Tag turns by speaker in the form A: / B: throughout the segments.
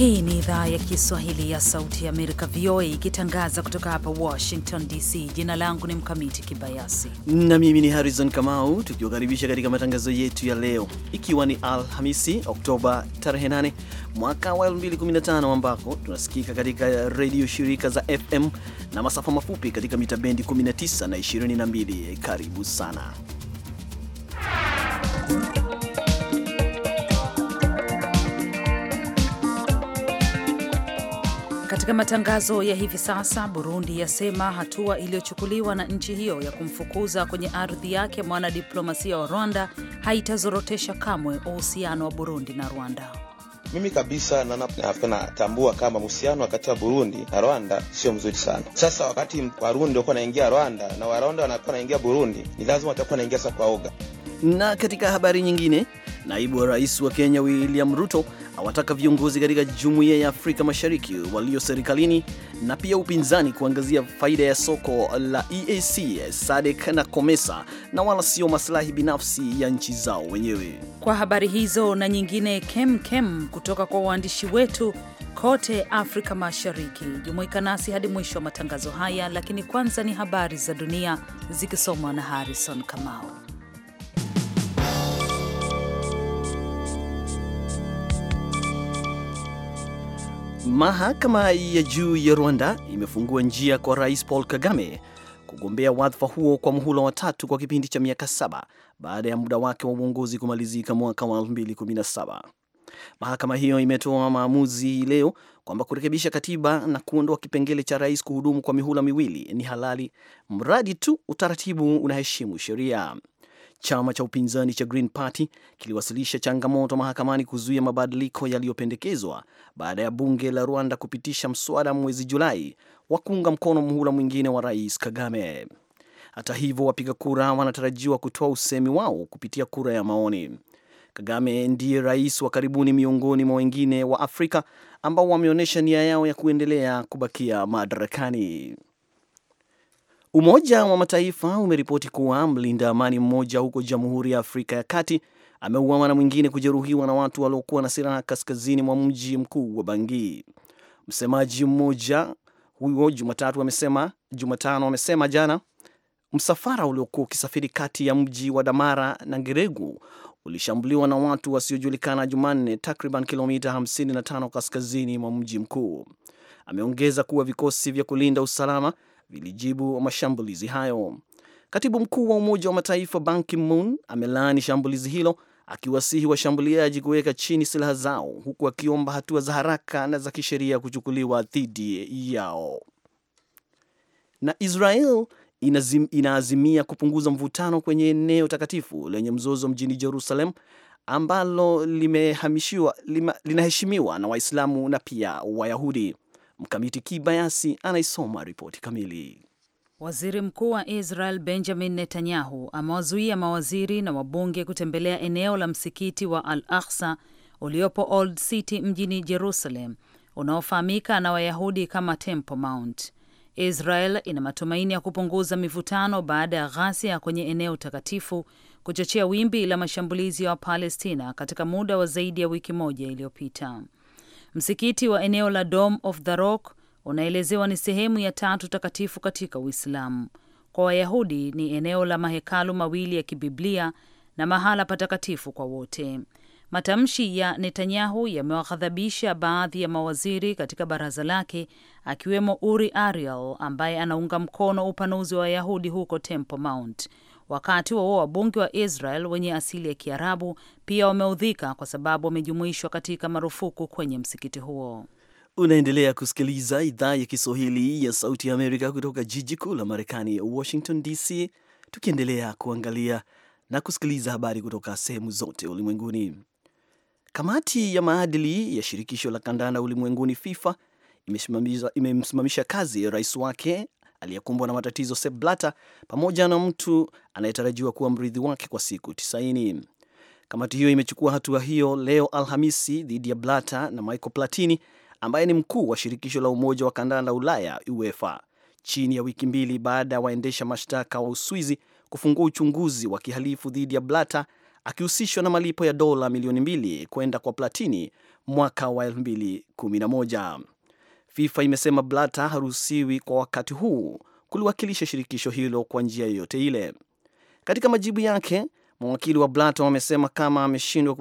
A: Hii ni idhaa ya Kiswahili ya Sauti ya Amerika, VOA, ikitangaza kutoka hapa Washington DC. Jina langu ni Mkamiti Kibayasi
B: na mimi ni Harrison Kamau, tukiwakaribisha katika matangazo yetu ya leo, ikiwa ni Alhamisi Oktoba tarehe 8 mwaka wa 2015 ambako tunasikika katika redio shirika za FM na masafa mafupi katika mita bendi 19 na 22. Karibu sana
A: Katika matangazo ya hivi sasa, Burundi yasema hatua iliyochukuliwa na nchi hiyo ya kumfukuza kwenye ardhi yake mwanadiplomasia wa Rwanda haitazorotesha kamwe uhusiano wa Burundi na Rwanda.
B: Mimi kabisa natambua kama uhusiano wakati wa Burundi na Rwanda sio mzuri sana. Sasa wakati Warundi walikuwa naingia Rwanda na Warwanda wanakuwa naingia Burundi, ni lazima watakuwa wanaingia sa oga. Na katika habari nyingine, naibu wa rais wa Kenya William Ruto awataka viongozi katika jumuiya ya Afrika Mashariki walio serikalini na pia upinzani kuangazia faida ya soko la EAC, SADC na COMESA na wala sio maslahi binafsi ya nchi zao wenyewe.
A: Kwa habari hizo na nyingine kem kem kutoka kwa waandishi wetu kote Afrika Mashariki, jumuika nasi hadi mwisho wa matangazo haya, lakini kwanza ni habari za dunia zikisomwa na Harrison Kamau.
B: Mahakama ya juu ya Rwanda imefungua njia kwa Rais Paul Kagame kugombea wadhifa huo kwa muhula wa tatu kwa kipindi cha miaka saba baada ya muda wake wa uongozi kumalizika mwaka wa 2017. Mahakama hiyo imetoa maamuzi leo kwamba kurekebisha katiba na kuondoa kipengele cha rais kuhudumu kwa mihula miwili ni halali, mradi tu utaratibu unaheshimu sheria. Chama cha upinzani cha Green Party kiliwasilisha changamoto mahakamani kuzuia mabadiliko yaliyopendekezwa baada ya bunge la Rwanda kupitisha mswada mwezi Julai wa kuunga mkono muhula mwingine wa Rais Kagame. Hata hivyo, wapiga kura wanatarajiwa kutoa usemi wao kupitia kura ya maoni. Kagame ndiye rais wa karibuni miongoni mwa wengine wa Afrika ambao wameonyesha nia yao ya kuendelea kubakia madarakani. Umoja wa Mataifa umeripoti kuwa mlinda amani mmoja huko Jamhuri ya Afrika ya Kati ameuawa na mwingine kujeruhiwa na watu waliokuwa na silaha kaskazini mwa mji mkuu wa Bangi. Msemaji mmoja huyo Jumatatu amesema Jumatano amesema jana msafara uliokuwa ukisafiri kati ya mji wa Damara na geregu ulishambuliwa na watu wasiojulikana Jumanne, takriban kilomita 55 kaskazini mwa mji mkuu. Ameongeza kuwa vikosi vya kulinda usalama vilijibu mashambulizi hayo. Katibu mkuu wa Umoja wa Mataifa Ban Ki-moon amelaani shambulizi hilo akiwasihi washambuliaji kuweka chini silaha zao huku akiomba hatua za haraka na za kisheria kuchukuliwa dhidi yao. Na Israel inazim, inaazimia kupunguza mvutano kwenye eneo takatifu lenye mzozo mjini Jerusalem ambalo linaheshimiwa na Waislamu na pia Wayahudi. Mkamiti Kibayasi anaisoma ripoti kamili.
A: Waziri Mkuu wa Israel Benjamin Netanyahu amewazuia mawaziri na wabunge kutembelea eneo la msikiti wa Al Aksa uliopo Old City mjini Jerusalem unaofahamika na Wayahudi kama Temple Mount. Israel ina matumaini ya kupunguza mivutano baada ya ghasia kwenye eneo takatifu kuchochea wimbi la mashambulizi ya Wapalestina katika muda wa zaidi ya wiki moja iliyopita. Msikiti wa eneo la Dome of the Rock unaelezewa ni sehemu ya tatu takatifu katika Uislamu. Kwa Wayahudi ni eneo la mahekalu mawili ya kibiblia na mahala patakatifu kwa wote. Matamshi ya Netanyahu yamewaghadhabisha baadhi ya mawaziri katika baraza lake, akiwemo Uri Ariel ambaye anaunga mkono upanuzi wa Wayahudi huko Temple Mount. Wakati wa huo wabunge wa Israel wenye asili ya Kiarabu pia wameudhika kwa sababu wamejumuishwa katika marufuku
B: kwenye msikiti huo. Unaendelea kusikiliza idhaa ya Kiswahili ya Sauti ya Amerika kutoka jiji kuu la Marekani, Washington DC, tukiendelea kuangalia na kusikiliza habari kutoka sehemu zote ulimwenguni. Kamati ya maadili ya shirikisho la kandanda ulimwenguni FIFA imemsimamisha kazi rais wake aliyekumbwa na matatizo Sepp Blatter pamoja na mtu anayetarajiwa kuwa mrithi wake kwa siku 90. Kamati hiyo imechukua hatua hiyo leo Alhamisi dhidi ya Blatter na Michael Platini ambaye ni mkuu wa shirikisho la umoja wa kandanda Ulaya UEFA, chini ya wiki mbili baada ya waendesha mashtaka wa Uswizi kufungua uchunguzi wa kihalifu dhidi ya Blatter akihusishwa na malipo ya dola milioni mbili kwenda kwa Platini mwaka wa 2011. FIFA imesema blata haruhusiwi kwa wakati huu kuliwakilisha shirikisho hilo kwa njia yoyote ile. Katika majibu yake, mawakili wa Blata wamesema kama ameshindwa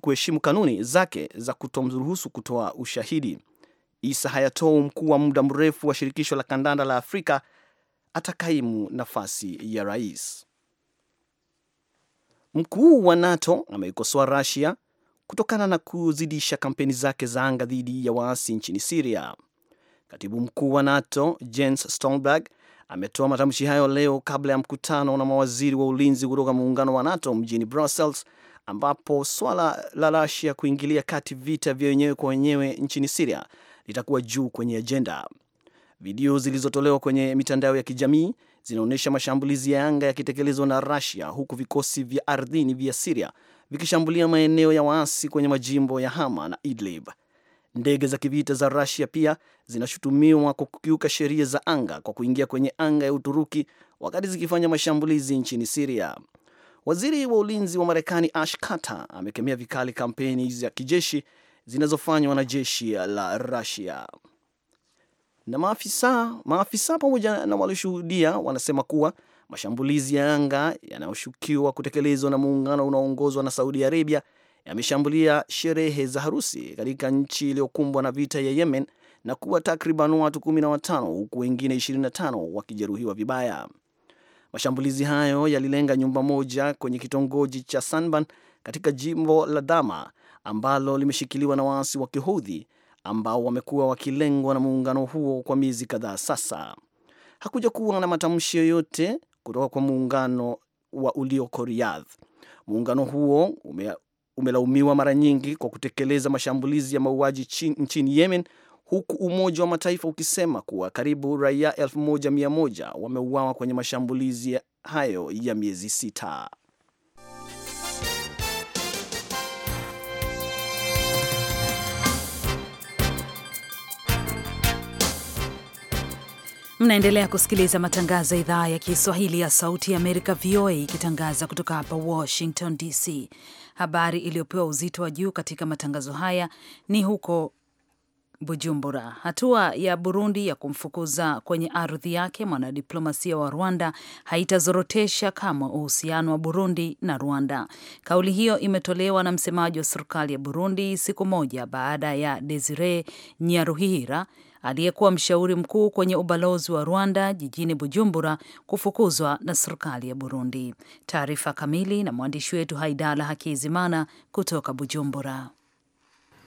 B: kuheshimu kanuni zake za kutomruhusu kutoa ushahidi, Isa Hayatou, mkuu wa muda mrefu wa shirikisho la kandanda la Afrika, atakaimu nafasi ya rais. Mkuu wa NATO ameikosoa Russia kutokana na kuzidisha kampeni zake za anga dhidi ya waasi nchini Siria. Katibu mkuu wa NATO Jens Stoltenberg ametoa matamshi hayo leo kabla ya mkutano na mawaziri wa ulinzi kutoka muungano wa NATO mjini Brussels, ambapo swala la Rasia kuingilia kati vita vya wenyewe kwa wenyewe nchini Siria litakuwa juu kwenye ajenda. Video zilizotolewa kwenye mitandao ya kijamii zinaonyesha mashambulizi ya anga yakitekelezwa na Rasia, huku vikosi vya ardhini vya Siria vikishambulia maeneo ya waasi kwenye majimbo ya Hama na Idlib. Ndege za kivita za Rusia pia zinashutumiwa kwa kukiuka sheria za anga kwa kuingia kwenye anga ya Uturuki wakati zikifanya mashambulizi nchini Siria. Waziri wa ulinzi wa Marekani Ash Carter amekemea vikali kampeni za kijeshi zinazofanywa na jeshi la Rusia na maafisa, maafisa pamoja na walioshuhudia wanasema kuwa mashambulizi ya anga yanayoshukiwa kutekelezwa na muungano unaoongozwa na Saudi Arabia yameshambulia sherehe za harusi katika nchi iliyokumbwa na vita ya Yemen na kuwa takriban watu 15 huku wengine 25 wakijeruhiwa vibaya. Mashambulizi hayo yalilenga nyumba moja kwenye kitongoji cha Sanban katika jimbo la Dama ambalo limeshikiliwa na waasi wa Kihudhi ambao wamekuwa wakilengwa na muungano huo kwa miezi kadhaa sasa. Hakuja kuwa na matamshi yoyote kutoka kwa muungano wa ulioko Riyadh. Muungano huo ume, umelaumiwa mara nyingi kwa kutekeleza mashambulizi ya mauaji nchini Yemen, huku Umoja wa Mataifa ukisema kuwa karibu raia 1100 wameuawa kwenye mashambulizi hayo ya miezi sita.
A: Mnaendelea kusikiliza matangazo ya idhaa ya Kiswahili ya Sauti ya Amerika, VOA, ikitangaza kutoka hapa Washington DC. Habari iliyopewa uzito wa juu katika matangazo haya ni huko Bujumbura. Hatua ya Burundi ya kumfukuza kwenye ardhi yake mwanadiplomasia wa Rwanda haitazorotesha kama uhusiano wa Burundi na Rwanda. Kauli hiyo imetolewa na msemaji wa serikali ya Burundi siku moja baada ya Desire nyaruhihira aliyekuwa mshauri mkuu kwenye ubalozi wa Rwanda jijini Bujumbura kufukuzwa na serikali ya Burundi. Taarifa kamili na mwandishi wetu Haidala Hakizimana kutoka Bujumbura.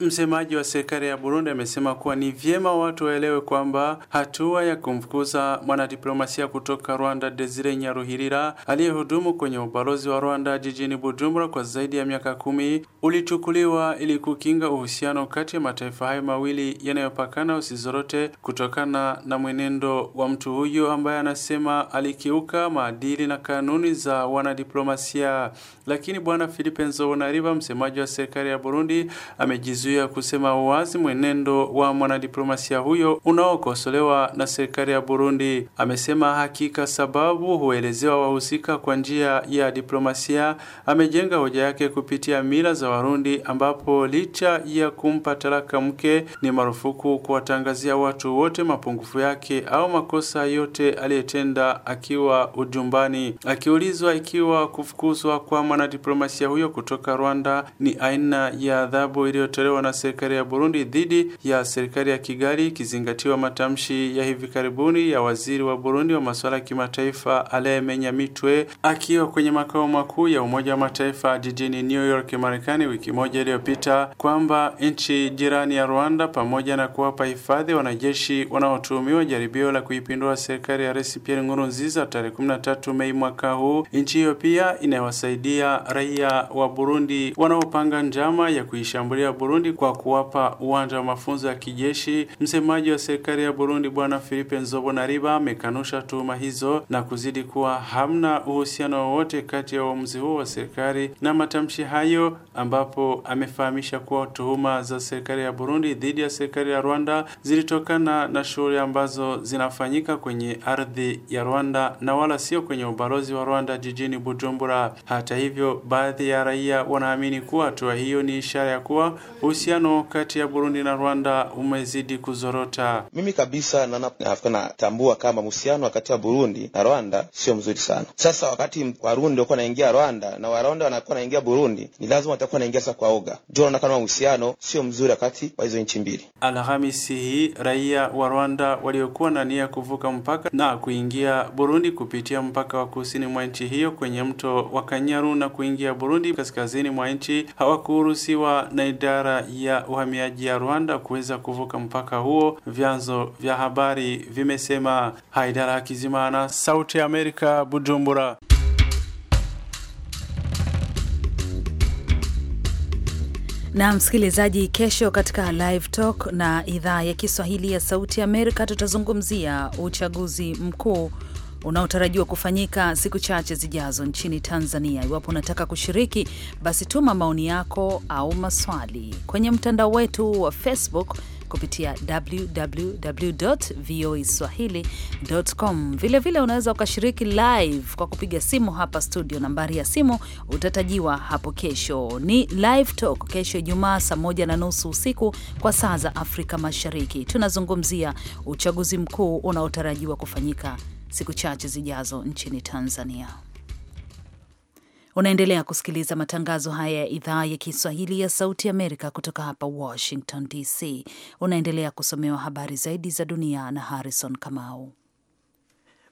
C: Msemaji wa serikali ya Burundi amesema kuwa ni vyema watu waelewe kwamba hatua ya kumfukuza mwanadiplomasia kutoka Rwanda Desire Nyaruhirira aliyehudumu kwenye ubalozi wa Rwanda jijini Bujumbura kwa zaidi ya miaka kumi ulichukuliwa ili kukinga uhusiano kati ya mataifa hayo mawili yanayopakana usizorote kutokana na mwenendo wa mtu huyu ambaye anasema alikiuka maadili na kanuni za wanadiplomasia. Lakini bwana Philippe Nzobonariba, msemaji wa serikali ya Burundi, amejizuia kuzuia kusema uwazi mwenendo wa mwanadiplomasia huyo unaokosolewa na serikali ya Burundi. Amesema hakika sababu huelezewa wahusika kwa njia ya diplomasia. Amejenga hoja yake kupitia mila za Warundi, ambapo licha ya kumpa talaka mke ni marufuku kuwatangazia watu wote mapungufu yake au makosa yote aliyetenda akiwa ujumbani. Akiulizwa ikiwa kufukuzwa kwa mwanadiplomasia huyo kutoka Rwanda ni aina ya adhabu iliyotolewa na serikali ya Burundi dhidi ya serikali ya Kigali, ikizingatiwa matamshi ya hivi karibuni ya waziri wa Burundi wa masuala ya kimataifa Alain Menyamitwe akiwa kwenye makao makuu ya Umoja wa Mataifa jijini New York, Marekani, wiki moja iliyopita kwamba nchi jirani ya Rwanda pamoja na kuwapa hifadhi wanajeshi wanaotuhumiwa jaribio la kuipindua serikali ya Rais Pierre Nkurunziza tarehe 13 Mei mwaka huu, nchi hiyo pia inawasaidia raia wa Burundi wanaopanga njama ya kuishambulia Burundi Burundi kwa kuwapa uwanja wa mafunzo ya kijeshi. Msemaji wa serikali ya Burundi Bwana Philippe Nzobonariba amekanusha tuhuma hizo na kuzidi kuwa hamna uhusiano wowote kati ya uamuzi huo wa serikali na matamshi hayo, ambapo amefahamisha kuwa tuhuma za serikali ya Burundi dhidi ya serikali ya Rwanda zilitokana na shughuli ambazo zinafanyika kwenye ardhi ya Rwanda na wala sio kwenye ubalozi wa Rwanda jijini Bujumbura. Hata hivyo, baadhi ya raia wanaamini kuwa hatua hiyo ni ishara ya kuwa Uhusiano kati ya Burundi na Rwanda umezidi kuzorota.
B: Mimi kabisa natambua kama uhusiano kati ya Burundi na Rwanda sio mzuri sana. Sasa wakati Warundi walikuwa naingia Rwanda na Warwanda wanakuwa naingia Burundi, ni lazima watakuwa naingia sasa kwa oga, ndio naona kama uhusiano sio mzuri wakati wa hizo nchi mbili.
C: Alhamisi hii raia wa Rwanda waliokuwa na nia kuvuka mpaka na kuingia Burundi kupitia mpaka wa kusini mwa nchi hiyo kwenye mto wa Kanyaru na kuingia Burundi kaskazini mwa nchi hawakuruhusiwa na idara ya uhamiaji ya Rwanda kuweza kuvuka mpaka huo, vyanzo vya habari vimesema. Haidara Kizimana, Sauti ya Amerika, Bujumbura.
A: na msikilizaji, kesho katika Live Talk na idhaa ya Kiswahili ya Sauti ya Amerika tutazungumzia uchaguzi mkuu unaotarajiwa kufanyika siku chache zijazo nchini Tanzania. Iwapo unataka kushiriki, basi tuma maoni yako au maswali kwenye mtandao wetu wa Facebook kupitia www voa swahili.com. Vilevile unaweza ukashiriki live kwa kupiga simu hapa studio. Nambari ya simu utatajiwa hapo kesho. Ni live talk kesho Ijumaa saa moja na nusu usiku kwa saa za Afrika Mashariki. Tunazungumzia uchaguzi mkuu unaotarajiwa kufanyika siku chache zijazo nchini Tanzania. Unaendelea kusikiliza matangazo haya ya idhaa ya Kiswahili ya Sauti Amerika kutoka hapa Washington DC. Unaendelea kusomewa habari zaidi za dunia na Harrison Kamau.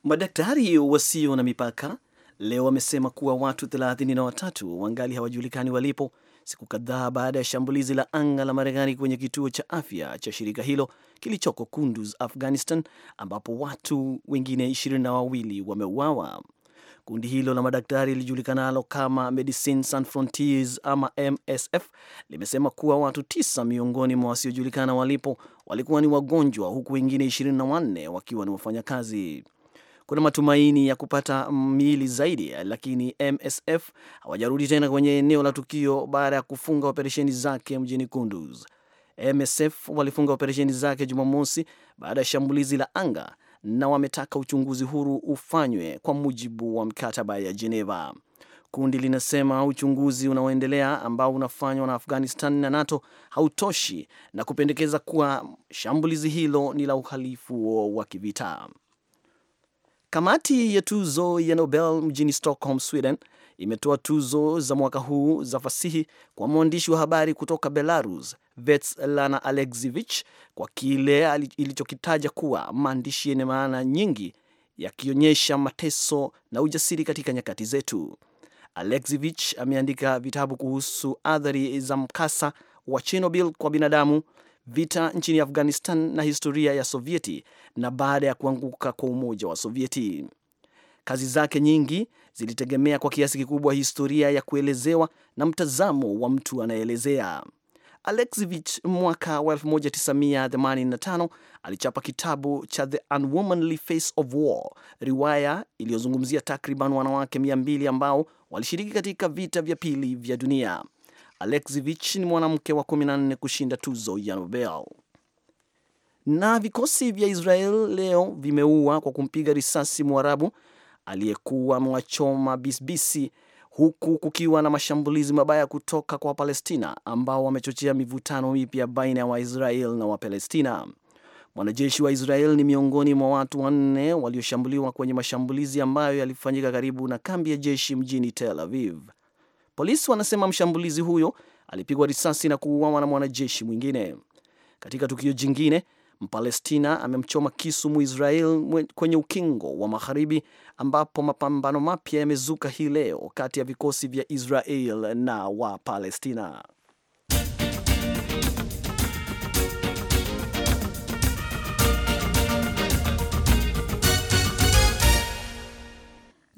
B: Madaktari wasio na mipaka leo wamesema kuwa watu 33 wangali hawajulikani walipo siku kadhaa baada ya shambulizi la anga la Marekani kwenye kituo cha afya cha shirika hilo kilichoko Kunduz, Afghanistan, ambapo watu wengine ishirini na wawili wameuawa. Kundi hilo la madaktari lilijulikanalo kama medicine Sans Frontiers ama MSF limesema kuwa watu tisa miongoni mwa wasiojulikana walipo walikuwa ni wagonjwa, huku wengine 24 wakiwa ni wafanyakazi kuna matumaini ya kupata miili zaidi, lakini MSF hawajarudi tena kwenye eneo la tukio baada ya kufunga operesheni zake mjini Kunduz. MSF walifunga operesheni zake Jumamosi baada ya shambulizi la anga na wametaka uchunguzi huru ufanywe kwa mujibu wa mkataba ya Geneva. Kundi linasema uchunguzi unaoendelea ambao unafanywa na Afghanistan na NATO hautoshi na kupendekeza kuwa shambulizi hilo ni la uhalifu wa kivita. Kamati ya tuzo ya Nobel mjini Stockholm, Sweden imetoa tuzo za mwaka huu za fasihi kwa mwandishi wa habari kutoka Belarus Svetlana Alexievich kwa kile ilichokitaja kuwa maandishi yenye maana nyingi yakionyesha mateso na ujasiri katika nyakati zetu. Alexievich ameandika vitabu kuhusu athari za mkasa wa Chernobyl kwa binadamu vita nchini Afghanistan na historia ya Sovieti na baada ya kuanguka kwa Umoja wa Sovieti. Kazi zake nyingi zilitegemea kwa kiasi kikubwa historia ya kuelezewa na mtazamo wa mtu anayeelezea. Alexievich mwaka wa 1985 alichapa kitabu cha The Unwomanly Face of War, riwaya iliyozungumzia takriban wanawake 200 ambao walishiriki katika vita vya pili vya dunia. Alexievich ni mwanamke wa 14 kushinda tuzo ya Nobel. Na vikosi vya Israel leo vimeua kwa kumpiga risasi Mwarabu aliyekuwa mwachoma bisbisi, huku kukiwa na mashambulizi mabaya kutoka kwa Wapalestina ambao wamechochea mivutano mipya baina ya Waisrael na Wapalestina. Mwanajeshi wa Israel ni miongoni mwa watu wanne walioshambuliwa kwenye mashambulizi ambayo yalifanyika karibu na kambi ya jeshi mjini Tel Aviv. Polisi wanasema mshambulizi huyo alipigwa risasi na kuuawa na mwanajeshi mwingine. Katika tukio jingine, Mpalestina amemchoma kisu Muisrael kwenye ukingo wa magharibi, ambapo mapambano mapya yamezuka hii leo kati ya vikosi vya Israel na Wapalestina.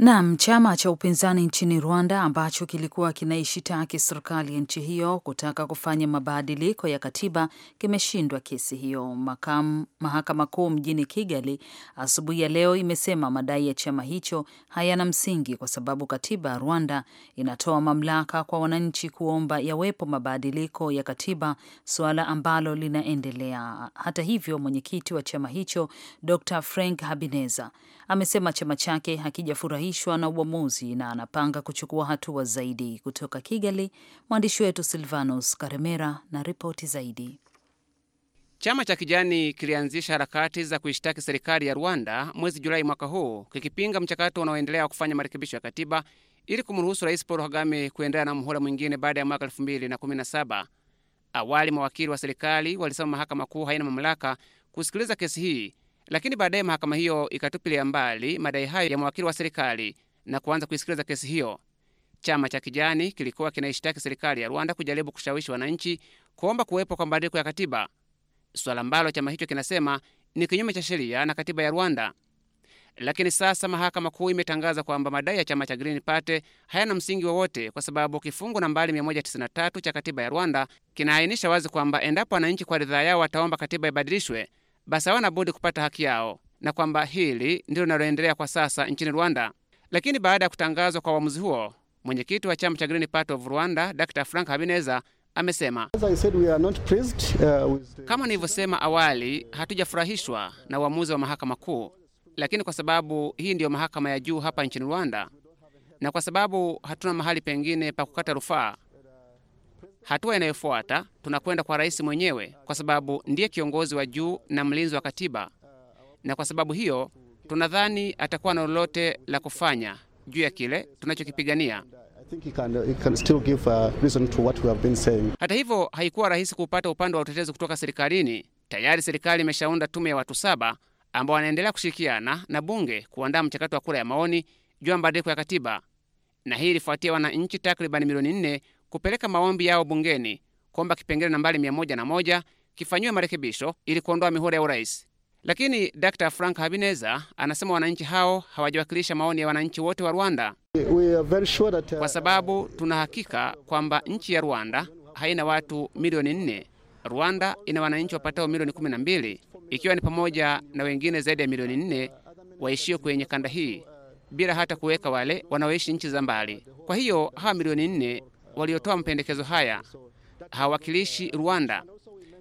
A: Nam chama cha upinzani nchini Rwanda ambacho kilikuwa kinaishitaki serikali ya nchi hiyo kutaka kufanya mabadiliko ya katiba kimeshindwa kesi hiyo. Makamu mahakama kuu mjini Kigali asubuhi ya leo imesema madai ya chama hicho hayana msingi kwa sababu katiba ya Rwanda inatoa mamlaka kwa wananchi kuomba yawepo mabadiliko ya katiba, suala ambalo linaendelea. Hata hivyo, mwenyekiti wa chama hicho Dr. Frank Habineza amesema chama chake hakijafurahi hajaridhishwa na uamuzi na anapanga kuchukua hatua zaidi. Kutoka Kigali, mwandishi wetu Silvanus Karemera na ripoti zaidi.
D: Chama cha Kijani kilianzisha harakati za kuishtaki serikali ya Rwanda mwezi Julai mwaka huu kikipinga mchakato unaoendelea wa kufanya marekebisho ya katiba ili kumruhusu Rais Paul Kagame kuendelea na muhula mwingine baada ya mwaka 2017. Awali mawakili wa serikali walisema mahakama kuu haina mamlaka kusikiliza kesi hii lakini baadaye mahakama hiyo ikatupilia mbali madai hayo ya mawakili wa serikali na kuanza kuisikiliza kesi hiyo. Chama cha Kijani kilikuwa kinaishtaki serikali ya Rwanda kujaribu kushawishi wananchi kuomba kuwepo kwa mabadiliko ya katiba, swala ambalo chama hicho kinasema ni kinyume cha sheria na katiba ya Rwanda. Lakini sasa mahakama kuu imetangaza kwamba madai ya chama cha Green Party hayana msingi wowote, kwa sababu kifungu nambari 193 cha katiba ya Rwanda kinaainisha wazi kwamba endapo wananchi kwa ridhaa yao wataomba katiba ibadilishwe basi hawana budi kupata haki yao, na kwamba hili ndilo linaloendelea kwa sasa nchini Rwanda. Lakini baada ya kutangazwa kwa uamuzi huo, mwenyekiti wa chama cha Green Party of Rwanda Dr Frank Habineza amesema
E: uh,
D: kama nilivyosema awali, hatujafurahishwa na uamuzi wa mahakama kuu, lakini kwa sababu hii ndiyo mahakama ya juu hapa nchini Rwanda na kwa sababu hatuna mahali pengine pa kukata rufaa, Hatua inayofuata tunakwenda kwa rais mwenyewe, kwa sababu ndiye kiongozi wa juu na mlinzi wa katiba, na kwa sababu hiyo tunadhani atakuwa na lolote la kufanya juu ya kile tunachokipigania. Uh, Hata hivyo haikuwa rahisi kupata upande wa utetezi kutoka serikalini. Tayari serikali imeshaunda tume ya watu saba ambao wanaendelea kushirikiana na bunge kuandaa mchakato wa kura ya maoni juu ya mabadiliko ya katiba, na hii ilifuatia wananchi takribani milioni nne kupeleka maombi yao bungeni kuomba kipengele nambari 101 kifanyiwe marekebisho ili kuondoa mihula ya urais. Lakini Dr. Frank Habineza anasema wananchi hao hawajawakilisha maoni ya wananchi wote wa Rwanda.
E: We are very sure that, uh, kwa
D: sababu tuna hakika kwamba nchi ya Rwanda haina watu milioni nne. Rwanda ina wananchi wapatao milioni kumi na mbili ikiwa ni pamoja na wengine zaidi ya milioni nne waishio kwenye kanda hii bila hata kuweka wale wanaoishi nchi za mbali. Kwa hiyo hawa milioni nne waliotoa mapendekezo haya hawakilishi Rwanda,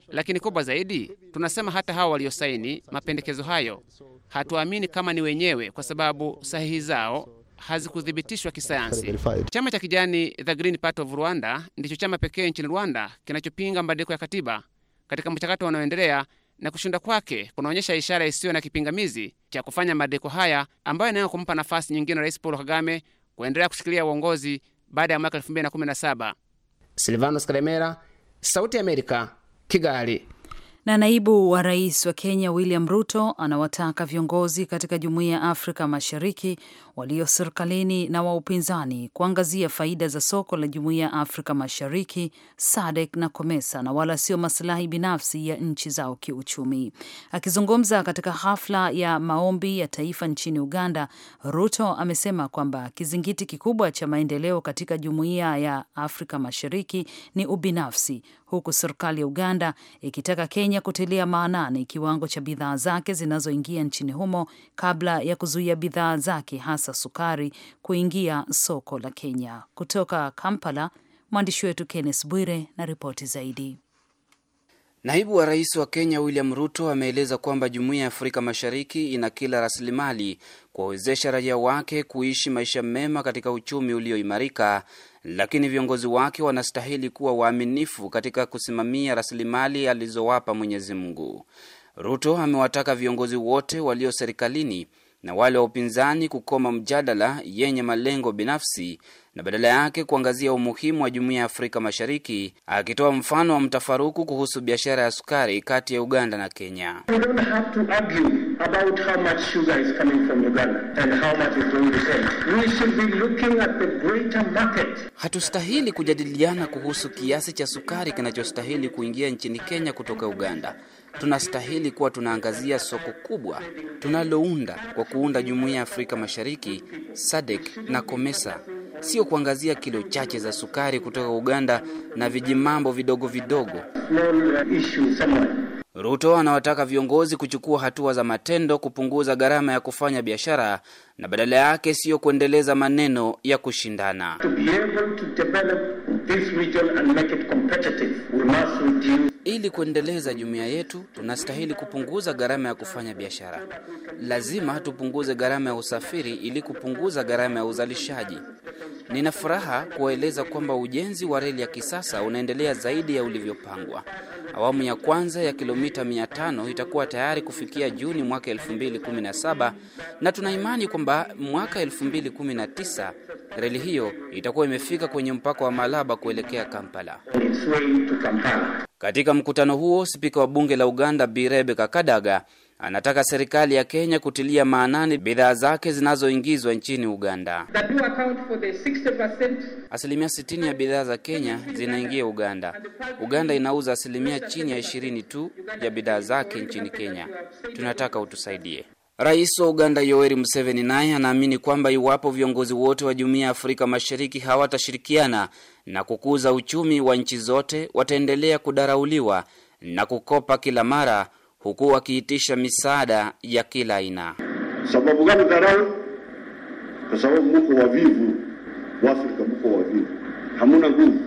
D: lakini kubwa zaidi tunasema hata hao waliosaini mapendekezo hayo hatuamini kama ni wenyewe, kwa sababu sahihi zao hazikuthibitishwa kisayansi. Chama cha kijani The Green Party of Rwanda ndicho chama pekee nchini Rwanda kinachopinga mabadiliko ya katiba katika mchakato unaoendelea, na kushinda kwake kunaonyesha ishara isiyo na kipingamizi cha kufanya mabadiliko haya ambayo inayo kumpa nafasi nyingine Rais Paul Kagame kuendelea kushikilia uongozi baada ya mwaka 2017. Silvanos Karemera, Sauti ya Amerika, Kigali.
A: Na naibu wa rais wa Kenya William Ruto anawataka viongozi katika jumuiya ya Afrika Mashariki walio serikalini na wa upinzani kuangazia faida za soko la jumuiya ya Afrika Mashariki SADC na COMESA na wala sio masilahi binafsi ya nchi zao kiuchumi. Akizungumza katika hafla ya maombi ya taifa nchini Uganda, Ruto amesema kwamba kizingiti kikubwa cha maendeleo katika jumuiya ya Afrika Mashariki ni ubinafsi, huku serikali ya Uganda ikitaka Kenya kutilia maanani kiwango cha bidhaa zake zinazoingia nchini humo kabla ya kuzuia bidhaa zake hasa sukari kuingia soko la Kenya. Kutoka Kampala, mwandishi wetu Kenneth Bwire na ripoti zaidi. Naibu
E: wa rais wa Kenya William Ruto ameeleza kwamba jumuiya ya Afrika Mashariki ina kila rasilimali kuwawezesha raia wake kuishi maisha mema katika uchumi ulioimarika, lakini viongozi wake wanastahili kuwa waaminifu katika kusimamia rasilimali alizowapa Mwenyezi Mungu. Ruto amewataka viongozi wote walio serikalini na wale wa upinzani kukoma mjadala yenye malengo binafsi na badala yake kuangazia umuhimu wa jumuiya ya Afrika Mashariki, akitoa mfano wa mtafaruku kuhusu biashara ya sukari kati ya Uganda na Kenya. Hatustahili kujadiliana kuhusu kiasi cha sukari kinachostahili kuingia nchini Kenya kutoka Uganda tunastahili kuwa tunaangazia soko kubwa tunalounda kwa kuunda Jumuiya ya Afrika Mashariki, SADC na COMESA, sio kuangazia kilo chache za sukari kutoka Uganda na vijimambo vidogo vidogo. Ruto anawataka viongozi kuchukua hatua za matendo kupunguza gharama ya kufanya biashara na badala yake siyo kuendeleza maneno ya kushindana. To
C: be able
E: to develop this region and make it competitive, we must reduce. Ili kuendeleza jumuiya yetu, tunastahili kupunguza gharama ya kufanya biashara. Lazima tupunguze gharama ya usafiri ili kupunguza gharama ya uzalishaji. Nina furaha kuwaeleza kwamba ujenzi wa reli ya kisasa unaendelea zaidi ya ulivyopangwa. Awamu ya kwanza ya kilomita 500 itakuwa tayari kufikia Juni mwaka 2017 na tuna imani kwamba mwaka 2019 reli hiyo itakuwa imefika kwenye mpaka wa Malaba kuelekea Kampala. Katika mkutano huo, spika wa bunge la Uganda Birebe Kakadaga anataka serikali ya Kenya kutilia maanani bidhaa zake zinazoingizwa nchini Uganda. Asilimia 60 ya bidhaa za Kenya zinaingia Uganda. Uganda inauza asilimia chini ya 20 tu ya bidhaa zake nchini Kenya. Tunataka utusaidie. Rais wa Uganda Yoweri Museveni naye anaamini kwamba iwapo viongozi wote wa Jumuiya ya Afrika Mashariki hawatashirikiana na kukuza uchumi wa nchi zote, wataendelea kudarauliwa na kukopa kila mara huku wakiitisha misaada ya kila aina. Sababu gani dharau? Kwa sababu mko wavivu, Waafrika mko wavivu, hamuna nguvu,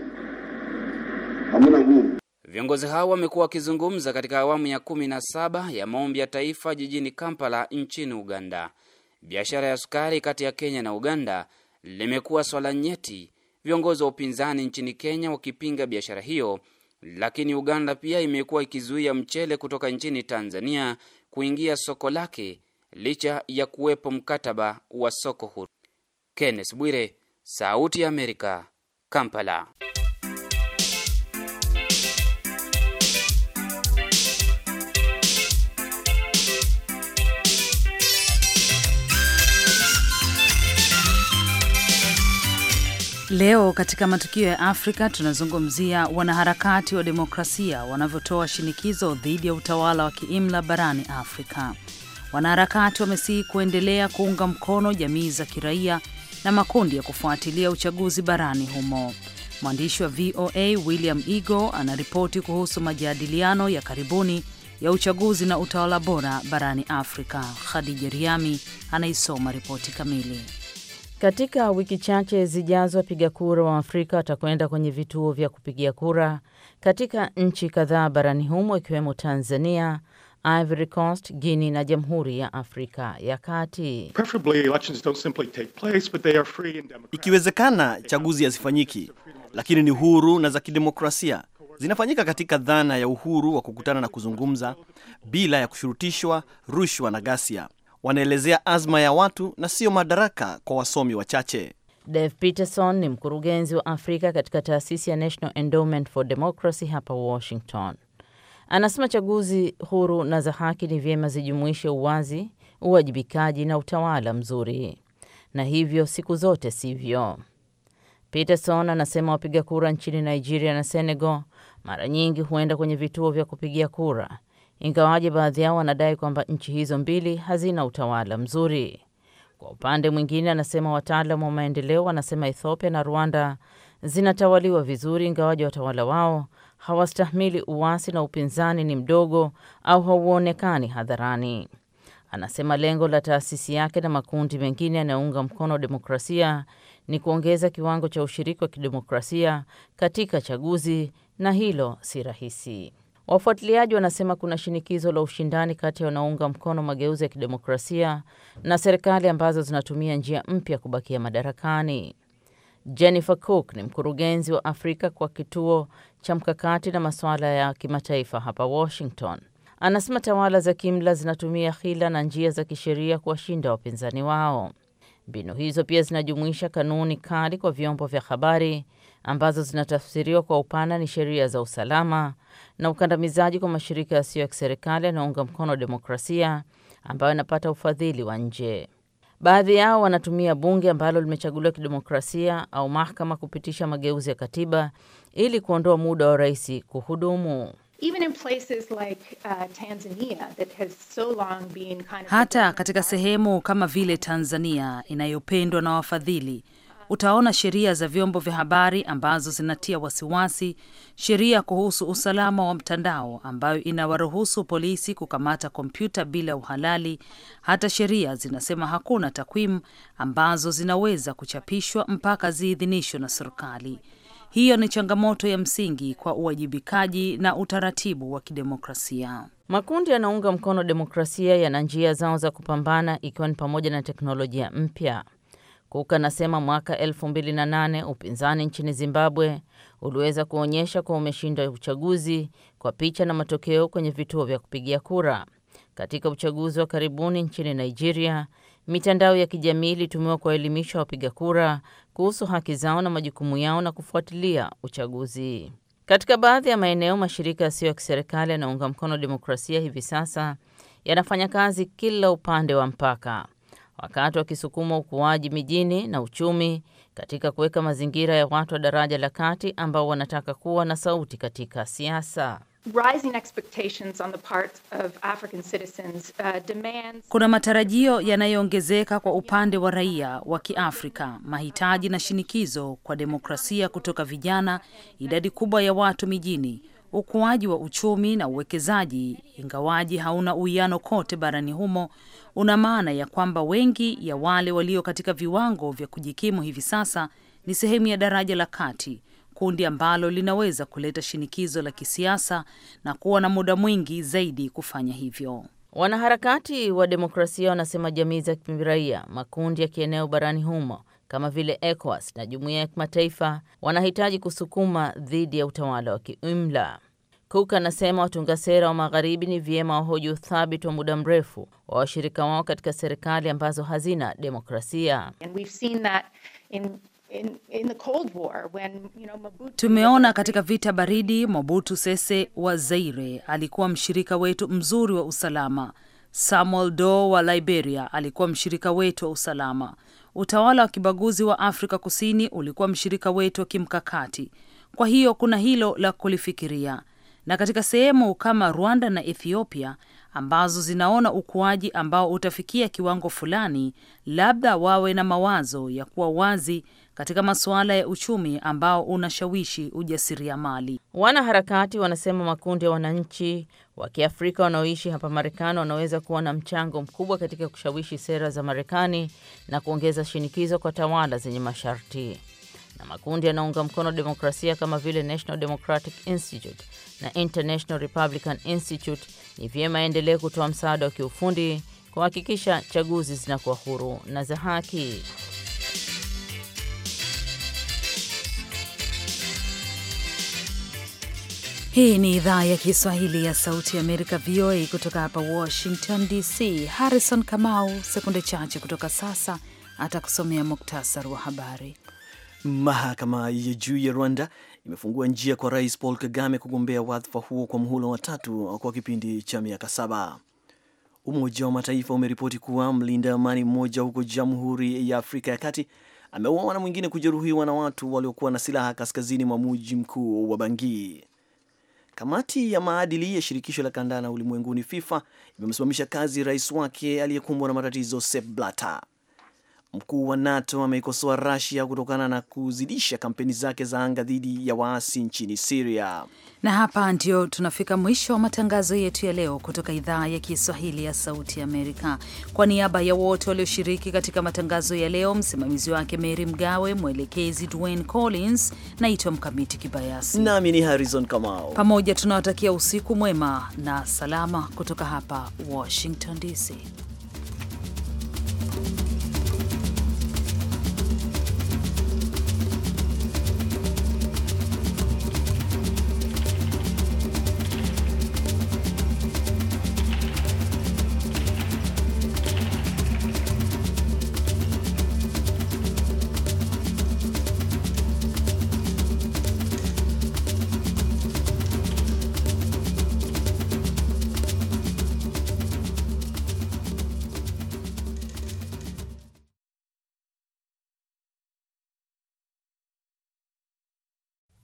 E: hamuna nguvu. Viongozi hao wamekuwa wakizungumza katika awamu ya kumi na saba ya maombi ya taifa jijini Kampala nchini Uganda. Biashara ya sukari kati ya Kenya na Uganda limekuwa swala nyeti, viongozi wa upinzani nchini Kenya wakipinga biashara hiyo lakini Uganda pia imekuwa ikizuia mchele kutoka nchini Tanzania kuingia soko lake licha ya kuwepo mkataba wa soko huru. Kenneth Bwire, Sauti ya Amerika, Kampala.
A: Leo katika matukio ya Afrika tunazungumzia wanaharakati wa demokrasia wanavyotoa shinikizo dhidi ya utawala wa kiimla barani Afrika. Wanaharakati wamesihi kuendelea kuunga mkono jamii za kiraia na makundi ya kufuatilia uchaguzi barani humo. Mwandishi wa VOA William Igo anaripoti kuhusu majadiliano ya karibuni ya uchaguzi na utawala bora barani Afrika. Khadija Riami anaisoma ripoti kamili.
F: Katika wiki chache zijazo, wapiga kura wa Afrika watakwenda kwenye vituo vya kupigia kura katika nchi kadhaa barani humo ikiwemo Tanzania, Ivory Coast, Guini na Jamhuri ya Afrika ya Kati.
B: Ikiwezekana chaguzi hazifanyiki, lakini ni huru na za kidemokrasia. Zinafanyika katika dhana ya uhuru wa kukutana na kuzungumza bila ya kushurutishwa rushwa na ghasia wanaelezea azma ya watu na siyo madaraka kwa wasomi wachache.
F: Dave Peterson ni mkurugenzi wa Afrika katika taasisi ya National Endowment for Democracy hapa Washington. Anasema chaguzi huru na za haki ni vyema zijumuishe uwazi, uwajibikaji na utawala mzuri, na hivyo siku zote sivyo. Peterson anasema wapiga kura nchini Nigeria na Senegal mara nyingi huenda kwenye vituo vya kupigia kura ingawaje baadhi yao wanadai kwamba nchi hizo mbili hazina utawala mzuri. Kwa upande mwingine, anasema wataalam wa maendeleo wanasema Ethiopia na Rwanda zinatawaliwa vizuri, ingawaje watawala wao hawastahimili uasi na upinzani ni mdogo au hauonekani hadharani. Anasema lengo la taasisi yake na makundi mengine yanayounga mkono demokrasia ni kuongeza kiwango cha ushiriki wa kidemokrasia katika chaguzi, na hilo si rahisi. Wafuatiliaji wanasema kuna shinikizo la ushindani kati ya wanaounga mkono mageuzi ya kidemokrasia na serikali ambazo zinatumia njia mpya kubakia madarakani. Jennifer Cook ni mkurugenzi wa Afrika kwa kituo cha mkakati na masuala ya kimataifa hapa Washington. Anasema tawala za kimla zinatumia hila na njia za kisheria kuwashinda wapinzani wao. Mbinu hizo pia zinajumuisha kanuni kali kwa vyombo vya habari ambazo zinatafsiriwa kwa upana ni sheria za usalama na ukandamizaji kwa mashirika yasiyo ya kiserikali yanayounga mkono demokrasia ambayo yanapata ufadhili wa nje. Baadhi yao wanatumia bunge ambalo limechaguliwa kidemokrasia au mahakama kupitisha mageuzi ya katiba ili kuondoa muda wa rais kuhudumu.
A: Hata katika sehemu kama vile Tanzania inayopendwa na wafadhili utaona sheria za vyombo vya habari ambazo zinatia wasiwasi, sheria kuhusu usalama wa mtandao ambayo inawaruhusu polisi kukamata kompyuta bila uhalali. Hata sheria zinasema hakuna takwimu ambazo zinaweza kuchapishwa mpaka ziidhinishwe na serikali. Hiyo ni changamoto ya msingi kwa uwajibikaji na utaratibu wa kidemokrasia.
F: Makundi yanaunga mkono demokrasia yana njia zao za kupambana, ikiwa ni pamoja na teknolojia mpya. Cook anasema mwaka 2008 upinzani nchini Zimbabwe uliweza kuonyesha kuwa umeshinda uchaguzi kwa picha na matokeo kwenye vituo vya kupigia kura. Katika uchaguzi wa karibuni nchini Nigeria, mitandao ya kijamii ilitumiwa kuwaelimisha wapiga kura kuhusu haki zao na majukumu yao na kufuatilia uchaguzi. Katika baadhi ya maeneo, mashirika yasiyo ya kiserikali yanaunga mkono demokrasia hivi sasa yanafanya kazi kila upande wa mpaka wakati wakisukuma ukuaji mijini na uchumi katika kuweka mazingira ya watu wa daraja la kati ambao wanataka kuwa na sauti katika siasa. Rising expectations on the part of African citizens, uh, demands...
A: Kuna matarajio yanayoongezeka kwa upande wa raia wa Kiafrika, mahitaji na shinikizo kwa demokrasia kutoka vijana, idadi kubwa ya watu mijini, ukuaji wa uchumi na uwekezaji, ingawaji hauna uwiano kote barani humo, una maana ya kwamba wengi ya wale walio katika viwango vya kujikimu hivi sasa ni sehemu ya daraja la kati, kundi ambalo linaweza kuleta shinikizo la kisiasa na kuwa na muda mwingi zaidi kufanya hivyo. Wanaharakati wa demokrasia wanasema jamii za kiraia,
F: makundi ya kieneo barani humo kama vile ECOWAS na jumuiya ya kimataifa wanahitaji kusukuma dhidi ya utawala wa kiimla. Cook anasema watunga sera wa magharibi ni vyema wahoji uthabiti wa muda mrefu wa washirika wao katika serikali ambazo
A: hazina demokrasia.
F: In, in the Cold War, when, you know,
A: Mobutu... Tumeona katika vita baridi Mobutu Sese wa Zaire alikuwa mshirika wetu mzuri wa usalama. Samuel Doe wa Liberia alikuwa mshirika wetu wa usalama. Utawala wa kibaguzi wa Afrika Kusini ulikuwa mshirika wetu wa kimkakati, kwa hiyo kuna hilo la kulifikiria. Na katika sehemu kama Rwanda na Ethiopia ambazo zinaona ukuaji ambao utafikia kiwango fulani, labda wawe na mawazo ya kuwa wazi katika masuala ya uchumi ambao unashawishi ujasiriamali. Wanaharakati wanasema makundi ya wananchi
F: wa Kiafrika wanaoishi hapa Marekani wanaweza kuwa na mchango mkubwa katika kushawishi sera za Marekani na kuongeza shinikizo kwa tawala zenye masharti na makundi yanaunga mkono demokrasia kama vile National Democratic Institute na International Republican Institute ni vyema yaendelee kutoa msaada wa kiufundi kuhakikisha chaguzi zinakuwa huru
A: na za haki. Hii ni idhaa ya Kiswahili ya Sauti ya Amerika, VOA, kutoka hapa Washington DC. Harrison Kamau sekunde chache kutoka sasa atakusomea muktasari wa habari.
B: Mahakama ya juu ya Rwanda imefungua njia kwa Rais Paul Kagame kugombea wadhifa huo kwa wa watatu kwa kipindi cha miaka saba. Umoja wa Mataifa umeripoti kuwa mlinda amani mmoja huko Jamhuri ya Afrika ya Kati ameuawa na mwingine kujeruhiwa na watu waliokuwa na silaha kaskazini mwa mji mkuu wa Bangui. Kamati ya maadili ya shirikisho la kandanda ulimwenguni FIFA imemsimamisha kazi rais wake aliyekumbwa na matatizo Sepp Blatter. Mkuu wa NATO ameikosoa Russia kutokana na kuzidisha kampeni zake za anga dhidi ya waasi nchini Syria.
A: Na hapa ndio tunafika mwisho wa matangazo yetu ya leo kutoka idhaa ya Kiswahili ya Sauti Amerika. Kwa niaba ya wote walioshiriki katika matangazo ya leo, msimamizi wake Mary Mgawe, mwelekezi Dwayne Collins, naitwa Mkamiti Kibayasi nami
B: ni Harrison Kamau. Pamoja
A: tunawatakia usiku mwema na salama kutoka hapa Washington DC.